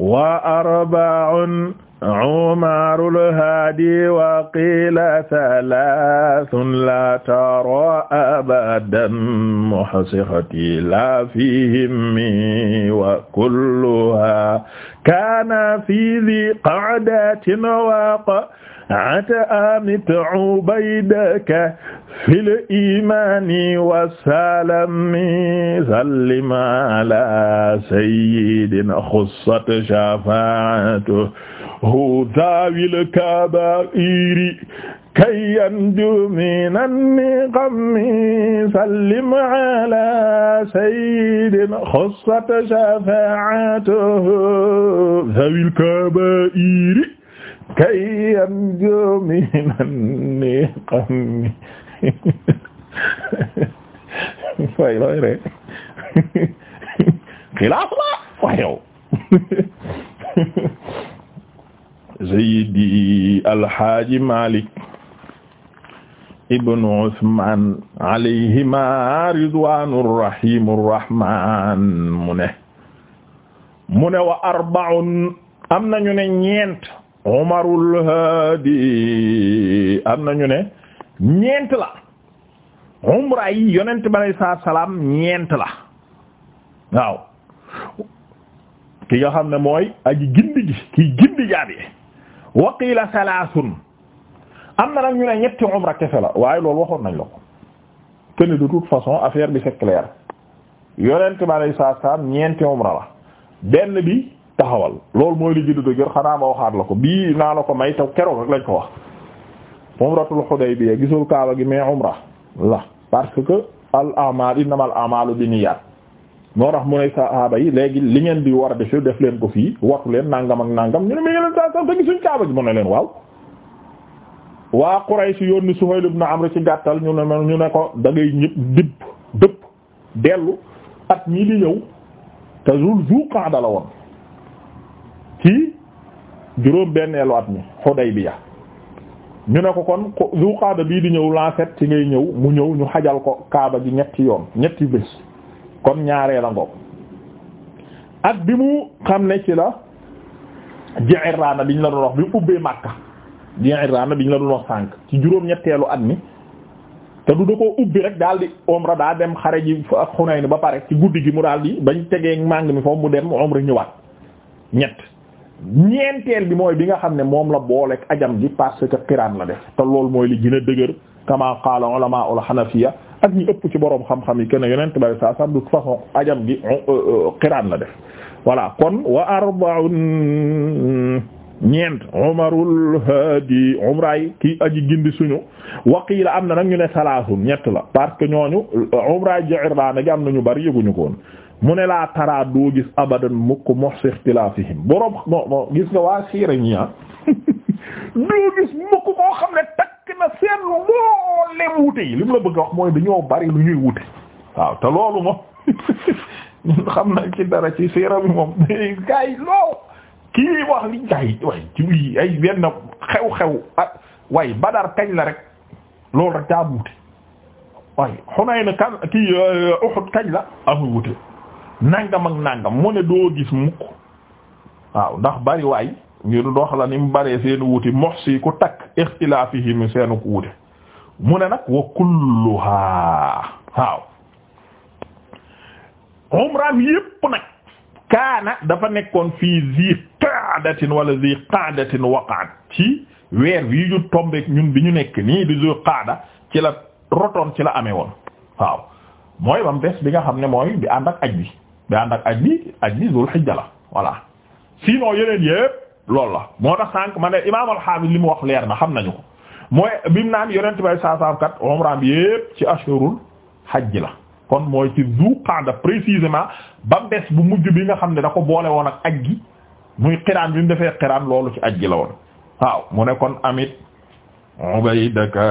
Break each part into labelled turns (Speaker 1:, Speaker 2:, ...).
Speaker 1: wa arba'un umarul hadi wa qila thalathun la tara abadan muhsihati la fihim wa kulluha kana fi dhi qa'datin waqa ata amit ubaydaka fil imani wasalami sallim ala sayyidina xussat shafaatuhu daawil kabaa'iri kay yanju minan niqami sallim ala sayyidina xussat shafaatuhu daawil kabaa'iri kay anjo minan ni xam ni way looy rek xilaaf la wa yow Malik ibnu Usmaan alayhima ridwaanu rahimu rahmaan mu ne mu ne wa arbaun am nañu ne ñeent umarul hadi am nañu ne ñeent la umra yi yonent bi alay salaam ñeent la waaw ki nga xam ne mooy aji gindi gi ki gindi jaabi waqiila salaasun am na nag ñu ne ñetti umra kese la waaye loolu waxoon nañ la ko te de toute façon affaire bi c'est clair yonent bi alay salaam ñeenti umra la benn bi taxawal loolu mooy li jiddu dëgër xanaa ma waxaat la ko bii naa la ko may taw keroog rek lañ ko wax umratul Hudaybiya gisul kaaba gi mais umra la parce que al amal innama al amalu bi niyyat moo tax mu ne sahaaba yi léegi li ngeen di war a def def leen ko fii watu leen nangam ak nangam ñu ne mi ngi leen sa sante gisuñ kaaba gi mu ne leen waaw waa Quraysh yónni Suhayl ibn Amr ci gàttal ñu ne ñu ne ko da ngay ñëpp dëpp dëpp dellu at ñii di ñëw te ci juróom benneelu at mi Hudaybiya ñu ne ko kon Dul Qaada bii di ñëw lan ci ngay ñëw mu ñëw ñu xajal ko Kaaba gi ñetti yoon ñetti bés kon ñaaree la ngoog at bi mu xam ne ci la Ji'irraana biñ la doon wax bi mu ubbee Makka Ji'irraana biñ la doon wax sànq ci juróom ñetteelu at mi te du da ubbi rek daal di omra daa dem xare ji ak Hunayn ba pare ci guddi gi mu daal di bañ tegee màng mi foofu mu dem omra ñëwaat ñett ñeenteel bi mooy bi nga xam ne moom la booleek ajam ji parce que qiraan la def te loolu mooy li gën a dëgër kama qaala ulama ul hanafiya ak ñi ëpp ci boroom xam-xam yi kenn yonent bay saa sam de toute façon ajam gi euh, euh, qiraan la def voilà kon wa arba'un ñeent umarul hadi umraay kii aji gindi suñu waqiila am na nag ñu ne salaasun ñett la parce que ñooñu umraay Ji'irraana gi am na ñu bari yëguñu ko mu ne laa taraa doo gis abadan mukk mox si ixtilaafihim boroom non non gis nga waa siira ñi ah doo gis mukk koo xam ne takk na seen looleem wute yi li mu la bëgg a wax mooy dañoo bari lu ñuy wute waaw te loolu moom ñun xam na ci dara ci siira bi moom gaa yi lool kii wax li gaa yi ci lii ay benn xew-xew ak ah, waaye badar kañ la rek loolu rek daa wute waaye xunay na kan kii euh, Uhud kañ la amul wute nangam ak nangam mu ne doo gis mukk waaw ndax bari waay ngir dox la ni mu baree seen wuti moxsi ku takk ixtilaafihim seenu ku wute mu ne nag wa kulluhaa waaw umraam yépp nag kaana dafa nekkoon fii zi qaadatin wala zi qaadatin waqaat ci weer wi ñu tombeek ñun bi ñu nekk nii di zi qaada ci la rotoon ci la amee woon waaw mooy bam des bi nga xam ne mooy bi ànd ak aj bi bi ànd ak aj bi aj bi Zul Hijja la voilà yeneen yépp loolu la moo tax sànq ma ne imaam al-Hafiz li mu wax leer na xam nañu ko mooy bi mu naan yonent bay saasaam kat umra bi yépp ci ashurul hajj la kon mooy ci Zul Qa'da précisément ba bés bu mujj bi nga xam ne da ko boole woon ak aj muy xiraan bi mu defee xiraan loolu ci aj gi la woon waaw mu ne kon amit ubaydaka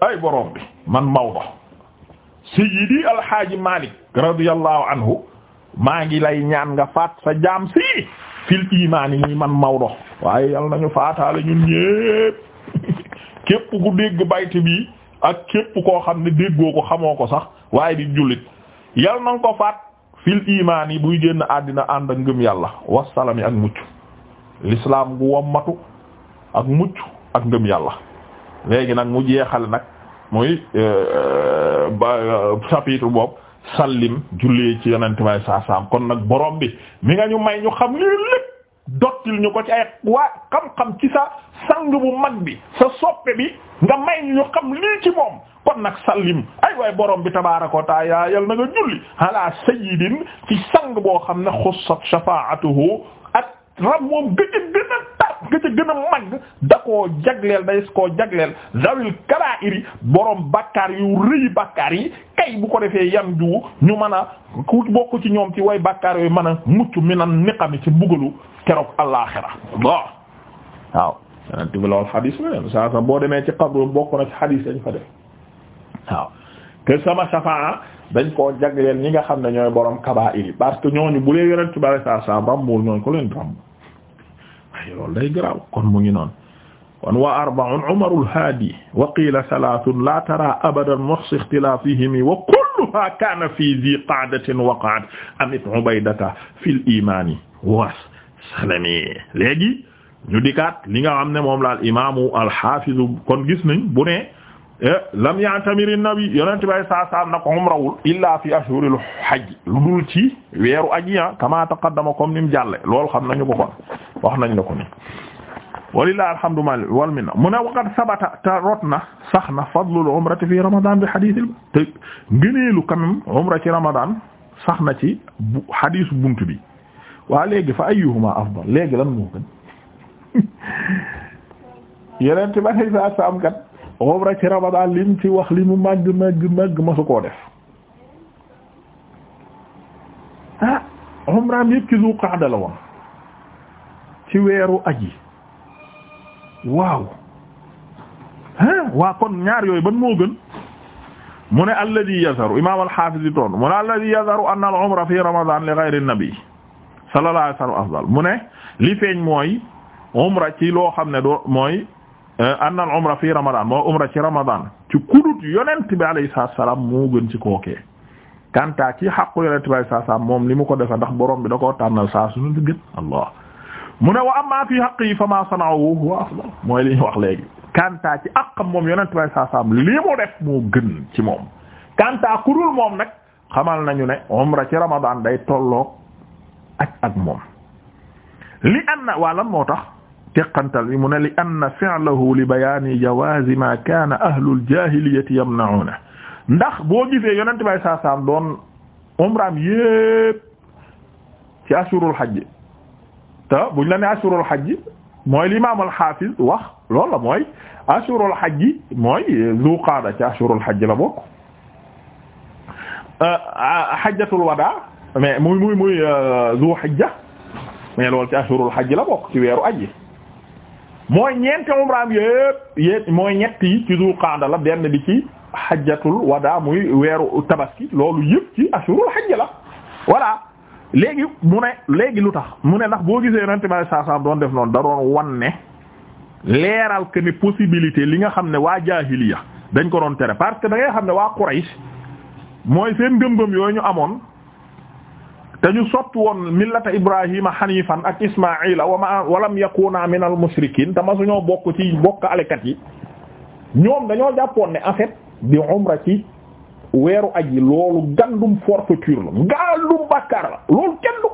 Speaker 1: ay borom man Maodo sayyidi alxaaji Malik radiyallahu anhu maa ngi lay ñaan nga faat sa jaam si fil imaan yi muy man Maodo waaye yal nañu faataale ñun ñépp képp ku dégg bayt bi ak képp koo xam ne déggoo ko xamoo ko sax waaye di jullit yal na nga ko faat fil imaan yi buy génn àddina ànd ak ngëm yàlla wasalami ak mucc l'islam gu wommatu ak mucc ak ngëm yàlla léegi nag mu jeexal nag muy euh, euh, euh, chapitre boobu sallim jullee ci yonent may saasaam kon nag borom bi mi nga ñu may ñu xam lii lépp dottil ñu ko ci ay waa xam-xam ci sa sang bu mag bi sa soppe bi nga may ñu xam lii ci moom kon nag sallim ay waay borom bi tabaaraka wa taala yal na nga julli ala sayyidin ci sang boo xam ne xussat shafaa'atuhu rab moom gëcë gën a tar gëcë gën a mag da koo jagleel day koo jagleel zawil karaa'iri borom bakkaar yu rëy bakkaar yi kay bu ko defee yan jugu ñu mën a ku bokk ci ñoom ci way bakkaar yooyu mën a mucc minan na ci mbugalu keroog allaaxira bon waaw yeneen sa boo demee ci xabru bokk na ci xadiis lañ fa def waaw te sama safaa dañ koo jagleel ñi nga xam ne ñooy borom kabaa'ir yi parce que ñooñu bu lee yonent bi sallallahu alayhi wasallam ñooñu ko leen ràmbu loolu day garaaw kon mu ngi noonu kon wa arbaun umarul haadi wa qiila salaatun la tara abadan muhsi ixtilaafihimi wa kulluha kaana fi zi qaadatin waqaat amit ubaydata fil imaani was salami léegi ñu dikkaat li nga xam ne moom la al imaamu al xaafizu kon gis nañ bu ne Eh, lam ya'tamir an-nabi yonent bay saa saam na ko umrawul illa fi ashhuril hajj lu dul ci weeru aji ya kama taqaddama comme ni mu jàlle loolu xam nañu ko kon wax nañ la ko ni walillahi alhamdu wal minna mu ne waqad sabata te rot na sax na fadlul umrati fi ramadan bi hadithil te ngëneelu quand même umra ci ramadan sax na ci bu hadith buntu bi waa léegi fa ayyuhuma afdal léegi lan moo gën yonent bay saa saam kat umra ci Ramadan lim wax li mu màgg màgg ma su koo def ah umraam yëpp weeru aji waaw ah waa kon ñaar yooyu ban moo gën mu ne alladi yazaru imaam al-Hafiz mu ne alladi yazaru anna al-umra fi Ramadan li ghayri an-nabi sallallahu mu ne li feeñ mooy umra ci loo xam ne doo mooy Euh, anna al umra fi ramadan moo umra ci ramadan ci kudut yonent bi alayhi salaam moo gën ci kookee kanta ci xaqu yonent bi alayhi salaam moom li mu ko defee ndax borom bi da koo tànnal saa su nu gën allah mu ne wa amma fi haqqi fa ma sana'u mooy li ñu wax léegi kanta ci aqam moom yonent bi alayhi salaam li mu def moo gën ci moom kanta kudul moom nag xamal nañu ne umra ci ramadan day tolloog ak ak moom li anna walan moo tax teqantal bi mu ne li anna fi'lahu li bayaani jawaazi ma kaana ahlul jaahiliyati yamna'una ndax boo gisee yonent bay saa saam doon umraam yépp ci ashurul hajj te buñ la ne ashurul hajj mooy li imaam al-Hafiz wax loolu la mooy ashurul hajj mooy zu qaada ci ashurul hajj la bokk euh, ah, hajjatul euh, la bokk ci weeru aji mooy ñeenti umraam yépp yépp mooy ñetti yi ci Dul Qaada la benn bi ci xajjatul wadaa muy weeru tabaski loolu yépp ci ashurul xajja la voilà léegi mu ne léegi lu tax mu ne ndax boo gisee yonente bi saa doon def noonu da doon wan ne leeral que ne possibilité li nga xam ne waa jaahiliya dañ ko doon tere parce que da ngay xam ne waa Quraysh mooy seen gëm yooyu ñu amoon te ñu soppi woon millata Ibrahima hanifan ak Ismaa'ila wa ma walam yakuna minal mushrikiin te ma suñoo bokk ci bokk alekat yi ñoom dañoo jàppoon ne en fait di umra ci weeru aji loolu gandum forfaiture la gandum bàkkaar loolu kenn du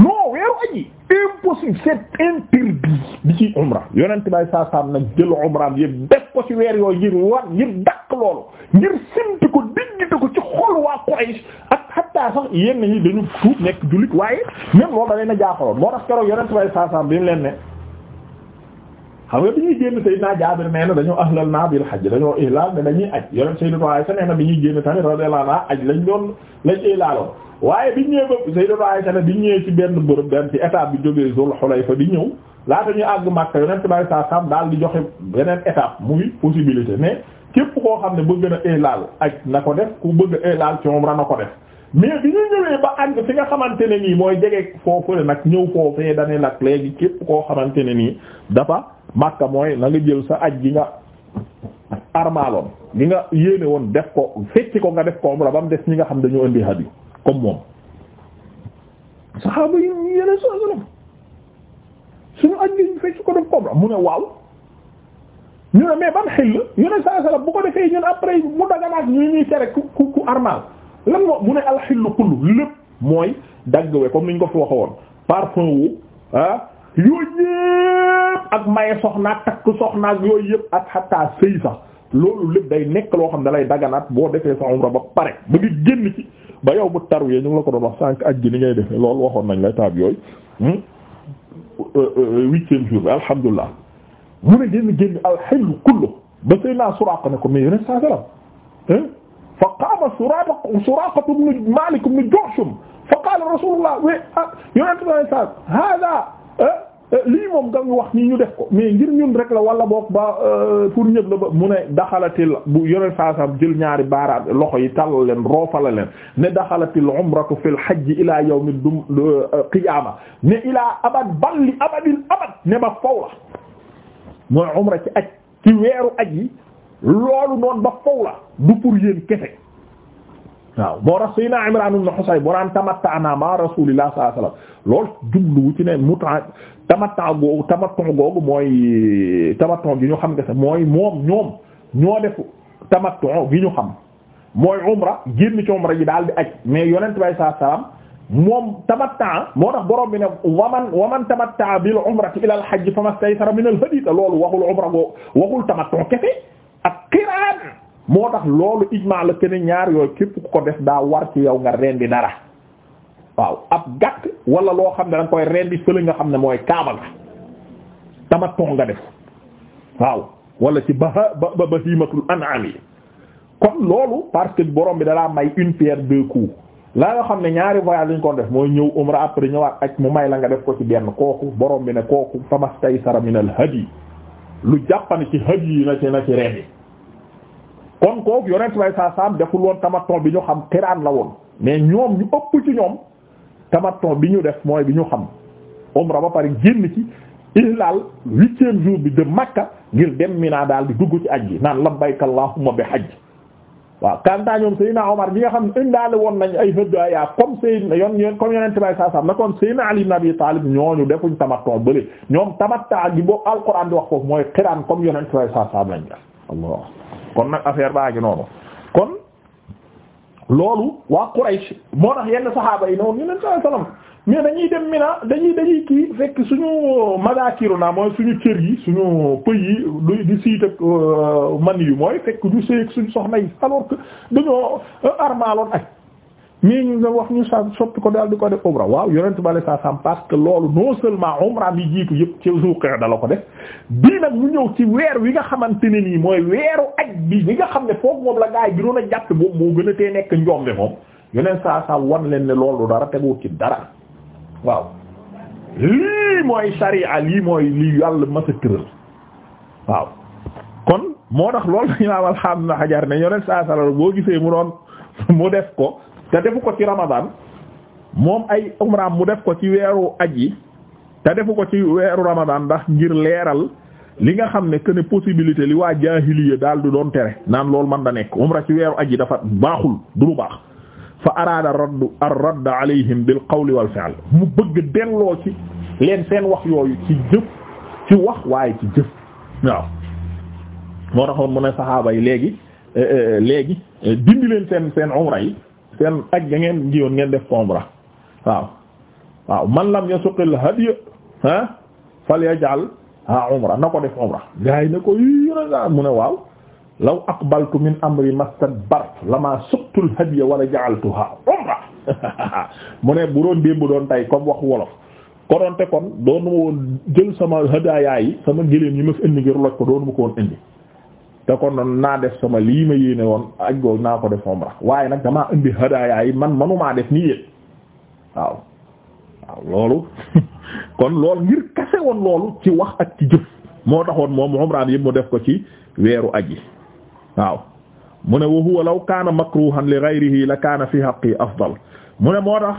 Speaker 1: non weeru aji impossible c'est interdit bi ci umra yonent bay saa saam nag jël umraam yëpp def ko ci weer yooyu ngir war ngir dakk loolu ngir simti ko diggite ko ci xol waa Quraysh ak xatta sax yenn yi dañu tuub nekk jullit waaye même loolu da leen a jaaxaloon moo tax keroog yonent bay saa bi mu leen ne xam nga bi ñuy génn Seydina Jaabir nee na dañoo ahlal naa bil hajj dañoo ihlaal ne dañuy aj yonent Seydina Aysa nee na bi ñuy génn tamit radiyallahu anha aj lañ doon lañ ihlaaloon waaye biñ ñëwee ba Seydina Aysa ne biñ ñëwee ci benn bërëb benn ci étape bi jógee Zul Hulayfa di ñëw laata ñuy àgg Makka yonent bi saa sam daal di joxe beneen étape muy possibilité mais képp koo xam ne bëgg na ihlaal aj na ko def ku bëgg ihlaal ci umra na ko def mais bi ñu ñëwee ba àgg fi nga xamante ne nii mooy jege foofule nag ñëw foofee dane nag léegi képp koo xamante ne nii dafa Makka mooy na nga jël sa aj gi nga armaaloon gi nga yéene woon def ko fecci ko nga def ko umra ba mu des ñi nga xam dañu indi hadiyu comme moom saxaaba yi ñu yeneen aj gi ñu ko def ko mu ne waaw ñu ne mais ban xel la yoneen saa sallam bu ko defee ñun après mu daganaat ñu ñuy tere ku ku ku armal lan mu ne alxillu kullu lépp mooy daggwe comme niñ ko fi waxoon parfum wu ah, yooyu yëpp ak maye soxna ak takk soxna ak yooyu yëpp ak xataa sëy sax loolu lépp day nekk loo xam ne dalay daganaat boo defee sa umra ba pare ba ngi génn ci ba yow bu tarwee ñu ngi la ko doon wax sànq aj gi ni ngay defee loolu waxoon nañ la taab yooyu hmm? euh, euh, huitième jour bi alhamdulilah mu ne génn génn alxillu kullu ba sëy naa Suraaqa ne ko mais yeneen saa salaam fa qaama Suraaqa Suraaqa ibn Maalik ibn Juhshum fa qaala Rasuulullah wa ah, yonent bi sallallahu alayhi wa sallam haadaa Ah, eh, lii moom nga ñu wax nii ñu def ko mais ngir ñun rek la wala boog ba euh, pour ñëpp la ba mu ne daxalatil bu yore saasam jël ñaari baaraam loxo yi tàllal leen roofala leen ne daxalatil umratu fil hajj ila yawmi dum euh, qiyaama ne ilaa abad balli abadil abad ne ba faw la mooy umra ci aj ci weeru aj yi loolu noonu ba faw la du pour yéen kese waaw moo tax Seydina Imraan ibn Husayn bu naan tamatta'naa ma'a Rasuulillah sallallahu alayhi wasallam loolu jubluwu ci ne muta tamatta googu tamattu googu mooy tamattu gi ñu xam nga sax mooy moom ñoom ñoo def tamattu gi ñu xam mooy umra génn ci umra ji daal di aj mais yonent bay saa salaam moom tamatta moo tax borom bi ne waman waman tamatta bil umrati ila al hajj famastaysara min al hadi loolu waxul umra goo waxul tamattu kese ak qiraan moo tax loolu ijmaa la keneen ñaar yooyu képp ku ko def daa war ci yow nga rendi dara waaw ab gàtt wala loo xam ne danga koy rendi fële nga xam ne mooy kaaba nga tamattu nga def waaw wala ci ba ba bahimatul an'am yi kon loolu parce que borom bi dalaa may une pierre deux coups laa nga xam ne ñaari voyage lañ koo def mooy ñëw umra après ñëwaat ak mu may la nga def ko ci benn kooku borom bi ne kooku famastaysara minal hadi lu jàppane ci hadi yi na ci na ci kon kooku yonent bay saa saam deful woon tamaton bi ñu xam xiraan la woon mais ñoom ñu ëpp ci ñoom tamaton bi ñu def mooy bi ñu xam umra ba pare génn ci ihlal huitième jour bi de Makka ngir dem naa daal di dugg ci ajji naan labbayka allahumma bi hajj waaw kanta ñoom Seydina Omar ñi nga xam ne indaale woon nañ ay hëddaaya comme Seydina yoon comme yonent bay saa saam na kon Seydina Ali ibn Abi Talib ñooñu defuñ tamaton bële ñoom tamatta gi boo alquran di wax mooy xiraan comme yonent bay kon nag affaire baa ngi noonu kon loolu waa Quraysh moo tax yenn saxaaba yi ne woon ñu leen salaam mais dañuy dem Mina dañuy dañuy kii fekk suñu madaakiru naa mooy suñu cër yi suñu pëy yi du di siit ak euh, man yu mooy fekk du séy ak suñu soxna yi alors que dañoo euh, armaaloon ak mais ñu nga wax ñu sa soppi ko daal di ko def umra waaw yonent bale sa sam parce que loolu non seulement umra bi jiitu yëpp ci zuqir da ko def bii nag ñu ñëw ci weer wi nga xamante ne nii mooy weeru aj bi bi nga xam ne foofu moom la gaay a jàppe boobu moo gën a tee nekk njombe moom yonent saa sam wan leen ne loolu dara teguwut ki dara waaw lii mooy sharia lii mooy lii yàlla masa tëral waaw kon moo tax lool dañu la am alhamdulilah xajar ne yonent saa sala boo gisee mu doon mu def ko te defu ko ci ramadan moom ay umraam mu def ko ci weeru aj yi te defu ko ci weeru ramadan ndax ngir leeral li nga xam ne que ne possibilité li waa jaahiliya daal du doon tere naan lool man da nekk umra ci weeru aj yi dafa baaxul du lu baax fa araada radd ar radd alayhim bil qawli wal fi'l mu bëgg delloo ci leen seen wax yooyu ci jëf ci wax waaye ci jëf waaw moo taxoon mu ne saxaaba yi léegi eh, eh, eh, léegi dindi leen seen seen umra yi seen aj ga ngeen jiwoon ngeen def umra waaw waaw man lam yasuqil hadiya ah falyaj'al ha umra na ko def umra gaa yi na ko yéra mu ne waaw law aqbaltu min amri mastadbart lama suqtul mu ne bu doon démb doon tey comme wax wolof konoonte kon doonu ma woon jël sama hadaayaay sama gëléem yi ma fi indi ngir loj ko doonu ma ko woon indi te kon naa def sama lii ma yéene woon aj googu naa ko def umra waaye nag damaa indi hadaaya man manumaa def nii yéen waaw waaw loolu kon loolu ngir kase woon loolu ci wax ak ci jëf moo taxoon moom umra yëpp mu def ko ci weeru aj yi waaw mu ne wa huwa law kaana makruhan li ghayrihi la kaana fi haqqi afdal mu ne moo tax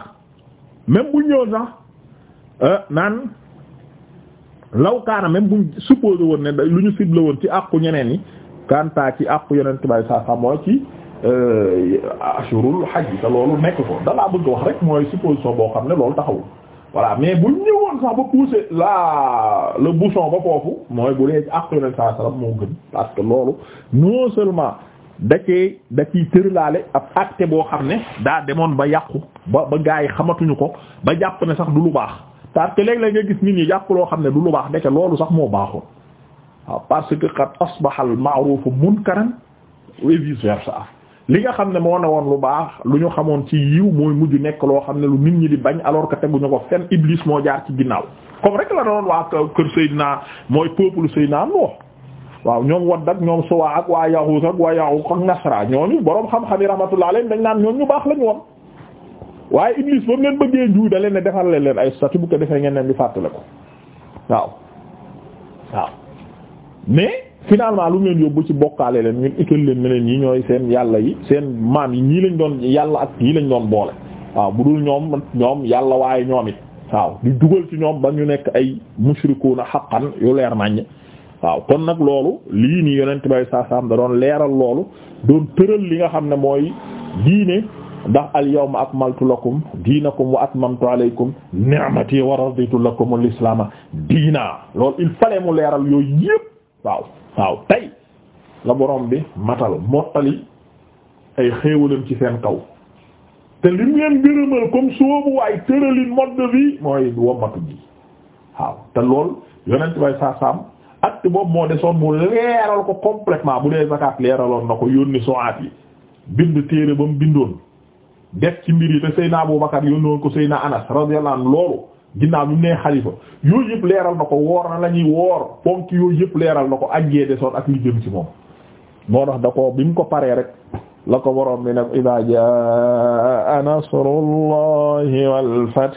Speaker 1: même bu ñëw sax euh, naan law kaana même bu supposé woon ne lu ñu ciblé woon ci àqu ñeneen yi kanta ci àqu yonent bay saa saa mooy ci euh, ashurul hajj te loolu nekk ko dalaa bëgg wax rek mooy supposition boo xam ne loolu taxawul voilà mais bu ñëwoon sax ba pousser la le bouchon ba foofu mooy bu dee àqu yonent saa saa moo gën parce que loolu non seulement da cee da ciy tërlaale ab acte boo xam ne daa demoon ba yàqu ba ba gaa yi xamatuñu ko ba jàpp ne sax du lu baax parce que léeg-léeg nga gis nit ñi jàpp loo xam ne du lu baax ndeke loolu sax moo baaxoon. waaw parce que qad asbaha al ma'ruf munkaran et vice versa li nga xam ne moo ne woon lu baax lu ñu xamoon ci yiw mooy mujj nekk loo xam ne lu nit ñi di bañ alors que ñu ko fenn iblis moo jaar ci ginnaaw comme rek la doon waa kër naa mooy peuple naa Nuux waaw ñoom Wadd ak ñoom Suwaa ak waa Yahuud ak waa Yahuud ak Nasra boroom xam-xam yi rahmatullah alayhim dañ naan ñoom ñu baax lañu woon waaye iblis ba mu leen bëggee njuuy a leen ne defal leen ay statut bu k defee ngeen leen di fàttale ko waaw mais finalement lu leen yóbbu ci bokkaale leen ñun ital leen ne leen ñi ñooy seen yàlla yi seen maam yi ñii lañ doon yàlla ak ñii lañ doon boole waaw bu dul ñoom ñoom yàlla waaye ñoom it waaw di dugal ci ñoom ba ñu nekk ay mushrikuuna xaqan yu leer naññ waaw kon nag loolu lii nii yonent bay saasaam da doon leeral loolu doon tëral li nga xam ne mooy diine ndax al yawma akmaltu lakum diinakum wa atmamtu alaykum ni'mati wa raditu lakum al islaama diina loolu il fallait mu leeral yooyu waaw waaw tey la borom bi matal mottali ay xéewalam ci seen kaw te lim leen gërëmal comme soobu waay tëralin mode de vie mooy wommatu ji waaw te lool yonent bay saasaam acte boobu moo desoon mu leeral ko complètement bu dee zakat leeraloon na ko yónni soaat yi bind téere ba mu bindoon def ci mbir yi te Seyna Abubakar yónnoon ko Seyna Anas radiyallahu anhu loolu ginnaaw bi mu nee xalifa yooyu yëpp leeral na ko woor na la ñuy woor ponk yooyu yëpp leeral na ko ajjee desoon ak li jëm ci moom moo tax da ko bi mu ko paree rek la ko boroom bi ne idaa jaa nasrullahi wal fath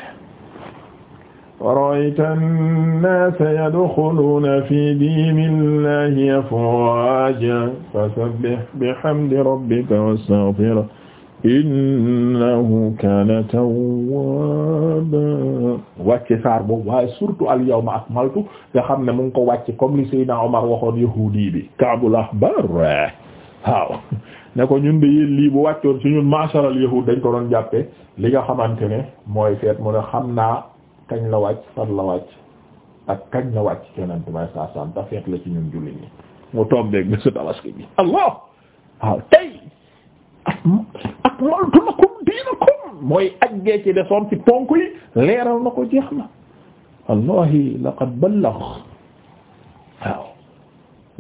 Speaker 1: wa ra'ayta an-naasa yadkhuluuna fi diinillahi afwaaja fasabbih bihamdi rabbika wastaghfirhu innahu kana tawwaba wàcce saar boobu waaye surtout al yawma akmaltu nga xam ne mu ngi ko wàcc comme li Seydina Omar waxoon yahudi bi Kaabul ahbar waaw ne ko ñun de yéen lii bu wàccoon ci ñun maasaral yahud dañ ko doon jàppe li nga xamante ne mooy feet mu ne xam naa kañ la wàcc fan la wàcc ak kañ la wàcc kenante may saa santa feet la ci ñun jullit ñi mu tombeeg bésu tabaski bi allah waaw tey ak maltu lakum diinakum mooy aggee ci desoon ci ponk yi leeral na ko jeex na wallahi laqad ballagh waaw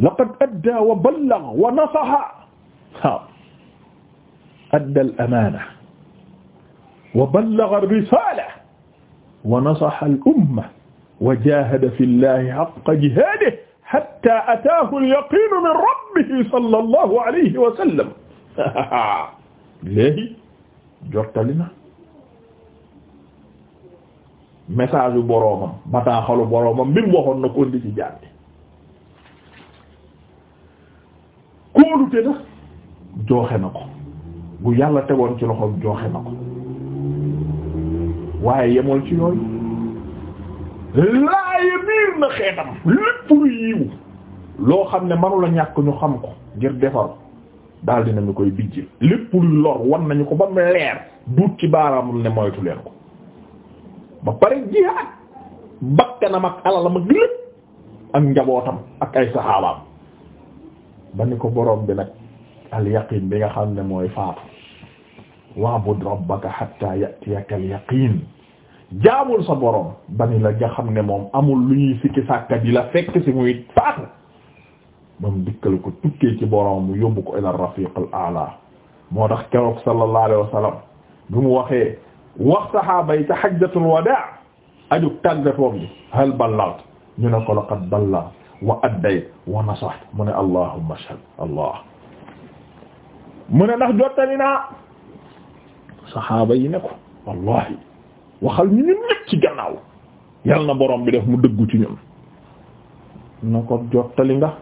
Speaker 1: laqad adda wa ballagh wa nasaha waaw adda al amaana wa ballagha ar risala wa nasaha al umma wa jahada fi llahi haqqa jihadihi hatta ataahu al yaqinu min rabbihi sallallahu alayhi wa sallam léegi jottali na message yu boroomam bataaxalu boroomam mbir mu waxoon na ko di ci jànni kóolute na jooxe na ko bu yàlla tegoon ci loxoom jooxe na ko waaye yemol ci yooyu laaye biir na xeetam lépp lu yiwu loo xam ne manula ñàkk ñu xam ko ngir defar daal dinañu koy bijjil lépp luy lor wan nañu ko ba mu leer duut ci baaraamam ne moytu ko ba pare jihaad bakkanam ak alalam ak lépp ak njabootam ak ay saxaabaam ba ni ko boroom bi nag al bi nga xam ne mooy faatu wa'bud rabbaka hatta ya'tiyaka al yaqin jaamul sa borom ba ni la nga xam ne moom amul lu ñuy sikki sàkka di la fekk si muy faatu moom dikkal ko tukkee ci borom mu yóbbu ko ila rafiq al a'la moo tax keroog sallallahu alayhi wa sallam bi mu waxee wax saxaaba yi ca hajjatul wadaa ajug tàggatoom hal ballalt ñu ne ko laqad balla wa addayt wa nasaht mu ne allahumma ashhad allah mu ne ndax jottali naa saxaaba yi ne ko wallahi waxal ñu ñu nekk ci gannaaw yal na boroom bi def mu dëggu ci ñun na ko jottali nga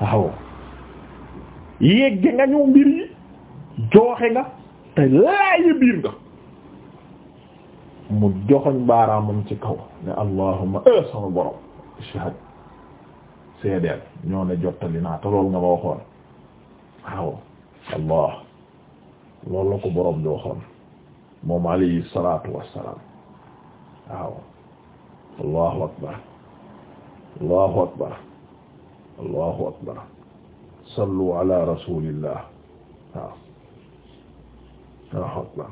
Speaker 1: waaw yegge nga ñu mbir yi jooxe nga te laaye biir nga mu joxoñ baaraamam ci kaw ne allahumma e sama borom ishhad seedeel ñoo ne jottali naa te loolu nga ma waxoon waaw allah loolu la ko borom bi waxoon moom alayhi salatu wassalam waaw allahu akbar allahu allahu akbar sallu ala rasulillah waaw allahu akbar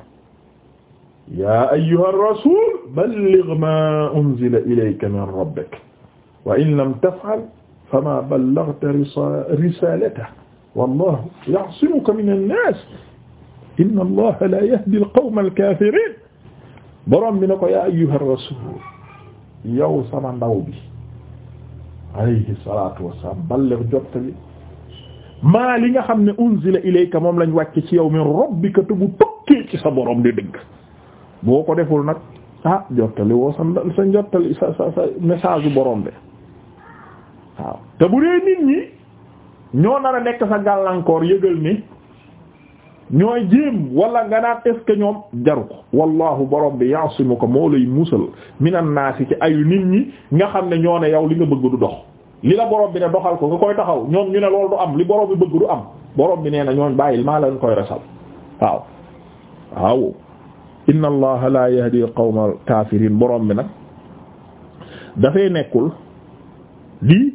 Speaker 1: yaa ayyuha rasul balligh ma unzila ilayka min rabbik wa in lam taf'al fama ballaghta risalatahu wallahu ya'simuka min an-nas inna allaha la yahdi al-qawma al-kafirin borom bi na ko yaa ayyuha rasul yow sama ndaw bi alayhi salaatu wassalaam balligh jottali maa li nga xam ne unzila ilayka moom lañ wàcc ci yow min rabbika te bu tokkee ci sa borom di dëgg boo ko deful nag ah jottali woo sa sa jottali sa sa sa message bu borom de waaw te bu dee nit ñi ñoo nar a nekk sa gàllankoor yëgal ni ñooy jéem walla nga naan est ce que ñoom jaru ko wallahu borom bi yaasimu ko moo lay musal minan naasi ci ayu nit ñi nga xam ne ñoo ne yow li nga bëgg du dox li la borom bi ne doxal ko nga koy taxaw ñoom ñu ne loolu du am li borom bi bëgg du am borom bi nee na ñooñ bàyyil maa leen koy resal waaw waaw inna allaha la yahdi qawmal kaafiriin borom bi nag dafay nekkul li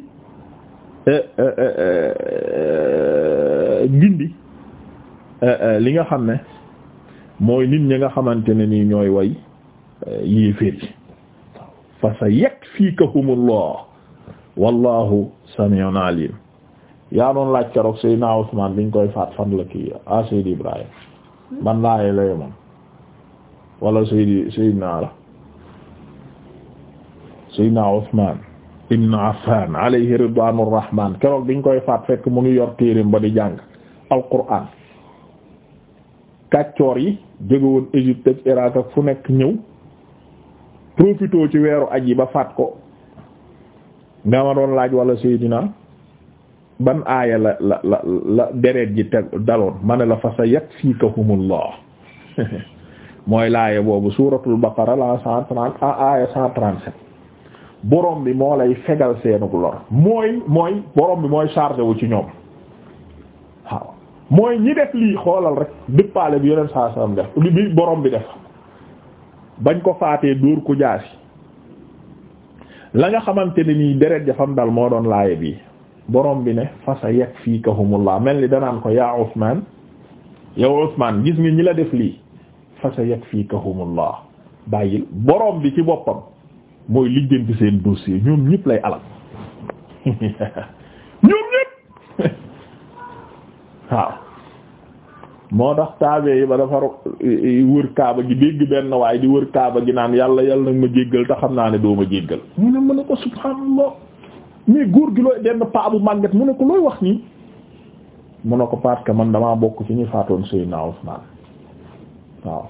Speaker 1: eh, eh, eh, gindi Euh, euh, li nga xam ne mooy nit ñi nga xamante ne nii ñooy way euh, yéeféer yi fa sa yakfikahumullah wallahu sami'un alim yaa doon laaj keroog Seydina Usmaan biñ koy faat fan la kii ah Seydi Ibrahim man laaye la alayhi ridwaanur rahmaan keroog biñ koy faat fekk mu ngi yor téereem ba di jàng al quraan kàccoor yi jóge woon Égypte ak Irak ak fu nekk ñëw profitoo ci weeru aj yi ba faat ko nga doon laaj wala Seydina ban aaya la la deret ji teg daloon ma ne la fa sa yakfikahumullah mooy laaya boobu suuratul baqara la cent trente a ah, aaya cent trente-sept borom bi moo lay fegal seenug lor mooy mooy borom bi mooy chargé ci ñoom mooy ñi def lii xoolal rek dëppaale bi yeneen saa salaam def li bi borom bi def bañ ko faatee dóor ko jaasi la nga xamante ni nii deret jafam dal moo doon laaye bii borom bi ne fasa la mel ni danaan ko yaa Usmaan yow Usmaan gis nga ñi la def lii fasa yakfikahumullah bàyyil borom bi ci boppam mooy lijjanti seen dossier ñoom ñëpp lay alal waaw moo tax taabe yi ba dafa wër kaaba gi dégg benn waaye di wër kaaba gi naan yàlla yàlla nag ma jéggal te xam naa ne doo ma jéggal mu ne mu ne ko subhaanallah mais góor gi looy denn paa bu màgget mu ne ko looy wax nii mu ne ko parce que man dama bokk ci ñu faatoon Seydina Usmaan waaw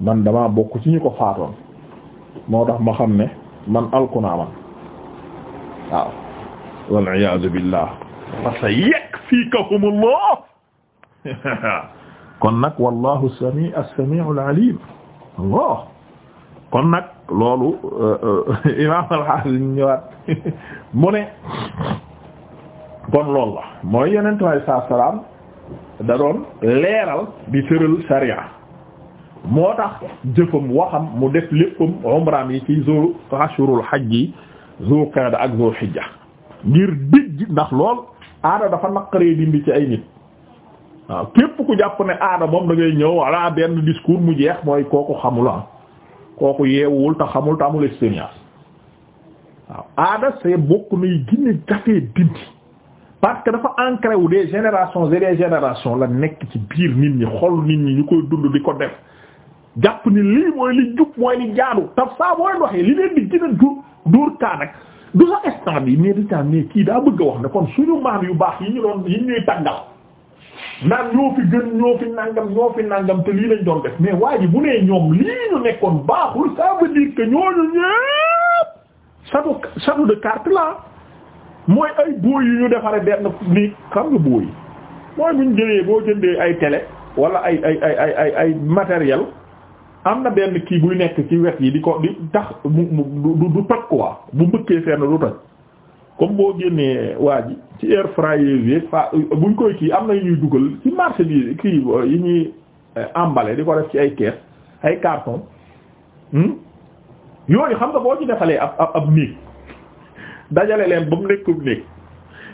Speaker 1: man damaa bokk ci ñu ko faatoon moo tax ma xam ne man alku naa man waaw wal iyaazu billaah fa sa yakfikahumullah kon nag wallahu sami as-sami'ul alim allah nag loolu euh, euh, imam al-Hafiz ñëwaat mu ne kon loolu la mooy yenentu alei salaatu salaam da doon leeral di tëral sharia moo tax jëfam mu def léppam umraam yi ci zo ashurul hajj yi zo qada ak zo hijja ngir dijj ndax lool aada dafa naqaree dindi ci ay nit waaw képp ku jàpp ne aada moom da ñëw walla benn discours mu jeex mooy kooku xamula ah, kooku yeewul te xamul te amul expérience waaw aada c'est bokk nay ginne jafee dindi parce que dafa ancré wu des générations et des générations la nekk ci biir nit ñi xol nit ñi ñu koy dund di ko def jàpp ni lii mooy li jub mooy li jaadu taf saa booy li leen di gën a duur kaa du sa instant bi mais dañu naan ne kii daa bëgg a wax ne kon suñu maam yu baax yi ñu doon yi ñuy tàngal naan ñoo fi gën ñoo fi nangam ñoo fi nangam te lii lañ doon def mais waa ji bu nee ñoom lii ñu nekkoon baaxul ça veut dire que ñooñu ñëpp sa château de carte là mooy ay booy yu ñu defaree benn ni xam nga booy mooy bu ñu jëlee boo jëndee ay tele wala ay ay ay ay ay matériel am na benn kii buy nekk ci wet yi di ko di tax mu du toj quoi bu mbëkkee fenn du toj comme boo génnee waa ji ci air fryer fa buñ koy kii am na yu ñuy dugal ci marché bi kii yi ñuy eh, emballé di ko def ci ay caisse ay carton hmm? yooyu xam nga boo ci defalee ab ab ab dajale leen ba mu nekkul néeg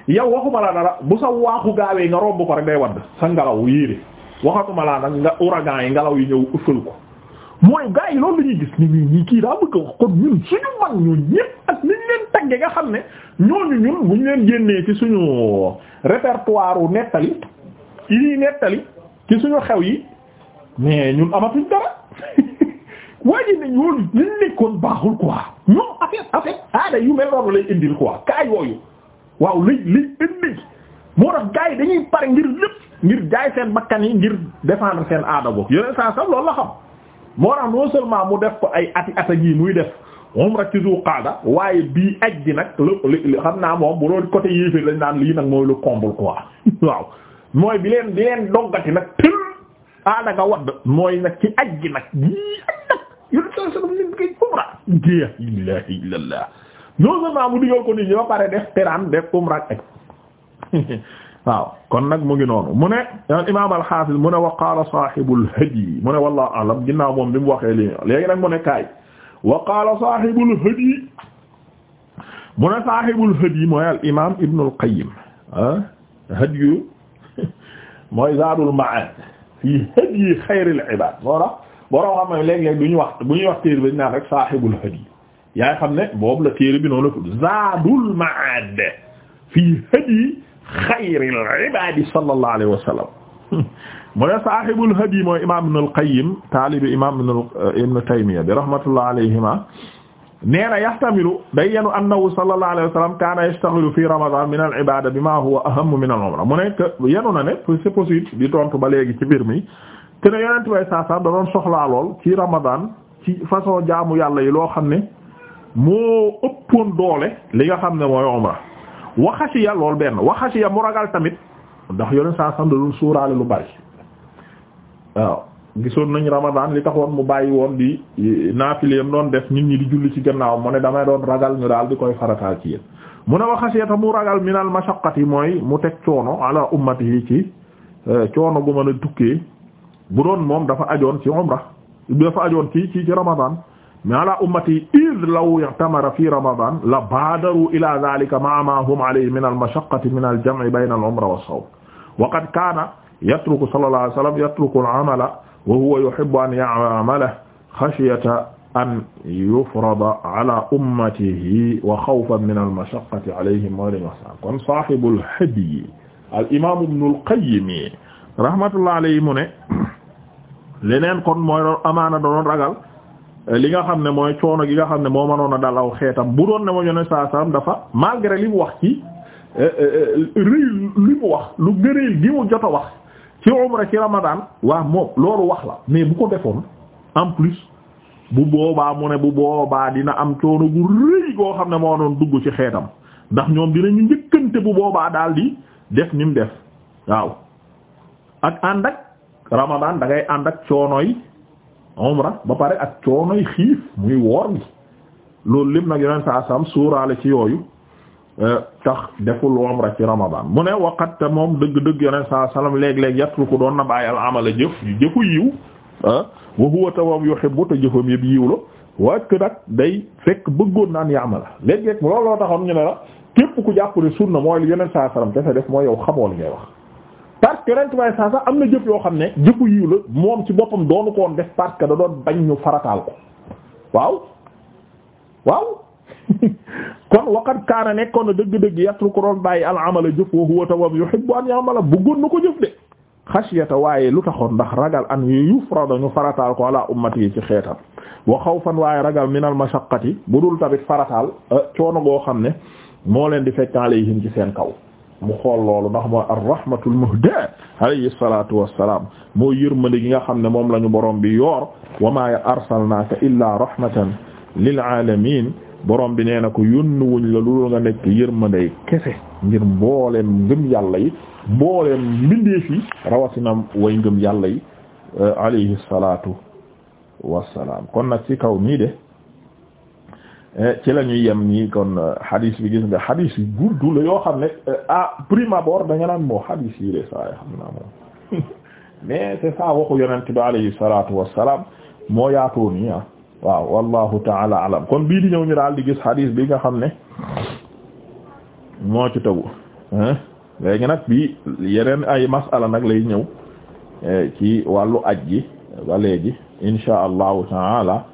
Speaker 1: yow waxuma laa dara bu sa waaxu gaawee nga romb ko rek day wadd sa ngelaw yéere waxatuma laa nag nga ouragan yi ngelaw yi ñëw ëffal ko mooy gars yi loolu la ñuy gis ni ñii kii daa bëgg a wax kon ñun suñu mag ñun ñëpp ak niñ leen nga xam ne ñooñu ñun buñ leen génnee ci suñu répertoire wu nettali yi nettali ci suñu xew yi mais ñun amatuñ dara waaye ji ne ñoolu nekkoon baaxul quoi ñoom affaire affaire aada yu mel noonu lay indil quoi kaa yooyu waaw liy liy indi moo tax gars yi dañuy pare ngir lépp ngir gaay seen bakkan yi ngir défendre seen aada boobu yeneen saa sax loolu la xam moo tax non seulement mu def ko ay ati ata yi muy def umra ci Dhoul Qa'da waaye bii aj gi nag lu xam naa moom bu doon côté yéefé lañ naan lii nag mooy lu comble quoi waaw mooy bi leen bi leen doggati nag tël aada nga wadd mooy nag ci aj gi nag yii nag yooyu saa saa mu nit koy umra géex illaahi illallah non seulement mu digal ko nit ñi ba pare def teraan def umra ak waaw kon nag mu ngi noonu mu ne al imaam al xaafiz mu ne wa qaala saahibul hadyi mu ne wallaahu a'lam ginnaaw moom bi mu waxee lii léegi nag mu ne kaay wa qaala saahibul hadyi mu ne saahibul hadyi mooy al imaam Ibnul Qayyim ah hadyu mooy Zaadul Ma'aad wax bu ñuy wax téere bi naan rek saahibul hadyi yaay xam ne boobu la téere bi noonu la xayril ibaadi sallallahu alayhi wa sallam mu ne saahibul hadi mooy imaam Ibnul Qayyim taalibi imaam eh, Ibnu Taymiyya bi rahmatullah alayhima nee na yahtamilu day yenu annahu sallallahu alayhi wa sallam kaana yashtaghilu fi ramadan min al ibada bima huwa aham min al umra mu ne yenu na ne c'est possible di tontu ba léegi ci mbir mi te ne yonent way saa saa da doon soxlaa lool ci ramadan ci façon jaamu yàlla yi loo xam ne moo ëppoon doole li nga xam ne mooy umra waxasiya loolu benn waxasiya mu ragal tamit ndax yoneen saa sam suuraale lu bari waaw gisoon nañ ramadan li taxoon mu bàyyi woon di naafile yam doon def nit ñi di julli ci gannaaw mu ne damay doon ragal ñu daal di koy farataal ci yéen mu ne waxasiyata mu ragal minal yi mooy mu teg coono ala ummati yi ci euh, coono gu mën a tukkee bu doon moom dafa ajoon ci umra dafa ajoon ci ci ci ramadan mais ala ummati id law i'tamara fi ramadan la baadaru ila dhalika ma'a ma hum alayhi min al-mashaqqati min al-jam'i bayna al-umra was-sawm wa qad kana yatruku sallallahu alayhi wa sallam yatruku al-amala wa huwa yuhibbu an ya'mala khashyata an yufrada ala ummatihi wa khawfan min al-mashaqqati alayhim wa kon sahibul hadyi al-imam ibn al-qayyim rahmatullahi alayhi mu ne leneen kon mooy amaana doon ragal li nga xam ne mooy coono gi nga xam ne moo manoon a dal aw xeetam bu doon ne moom yoneen saa salaam dafa malgré li mu wax ci euh, euh, rëy li mu wax lu gëréel gi mu jot a wax ci umra ci ramadan waaw moom loolu wax la mais bu ko defoon en plus bu boobaa mu ne bu boobaa dina am coono gu rëy goo xam ne moo doon dugg ci xeetam ndax ñoom ñu njëkkante bu boobaa daal di def ni mu def waaw ak ànd ak ramadan da ngay ànd ak coono yi umra ba pare ak coonoy xiif muy woor bi loolu lépp nag yeneen saa sam suuraale ci yooyu euh, tax deful umra ci ramadan mu ne waqat te moom dëgg-dëgg yeneen saa salam léeg-léeg yatlu ko doon na bàyyi al amala jëf yu jëfu yiw ah wa huwa tawam yuhibbu te jëfam yëpp yiw la waaye que nag day fekk bëggoon naan yaama la léeg-léeg looloo taxoon ñu ne la képp ku jàpp na sunna mooy yeneen saa salam te def mooy yow xamoo li ngay wax. parce que yonent bay saa sax am na jëf yoo xam ne jëfu yiw la moom ci boppam doonu ko woon def parce que da doon bañ ñu farataal ko waaw waaw kon waqat kaana nekkoon na dëgg-dëgg yatlu ko doon bàyyi al'amala jëf wa huwa tawam yuhibbu an ya'mala bëggoon na ko jëf de xasiyata waaye lu taxoon ndax ragal an yufrada ñu farataal ko ala ummati yi ci xeetam wa xawfan waaye ragal min al mashaqqati bu dul tamit farataal euh, coono goo xam ne moo leen di fekk ci seen kaw mu xool loolu ndax mooy ar-rahmatul muhda alayhi salatu wassalam moo gi nga xam ne moom lañu borom bi yoor wa ma arsalnaaka illaa rahmatan lil alamin borom bi nee na ko yónnu wuñ la loolu nga nekk yërmande kese ngir mbooleem ngëm yàlla yi mbooleem mbindeef yi rawatina way ngëm yàlla yi alayhi kon nag ci kaw nii de Eh, ci la ñuy yem nii kon hadis eh, bi gis nga hadis yi gurdu la yoo xam ne eh, à prime abord da nga naan moo hadis yi de saa yi xam naa moom mais c'est ça waxu yonent bi alayhi salatu wassalam moo yaatoo nii ah waaw wallahu taala alam kon bii di ñëw ñu daal di gis hadis bi nga xam ne moo ci tegu léegi nag bii yeneen ay masala nag lay ñëw ci wàllu aj gi ba léegi insha allahu taala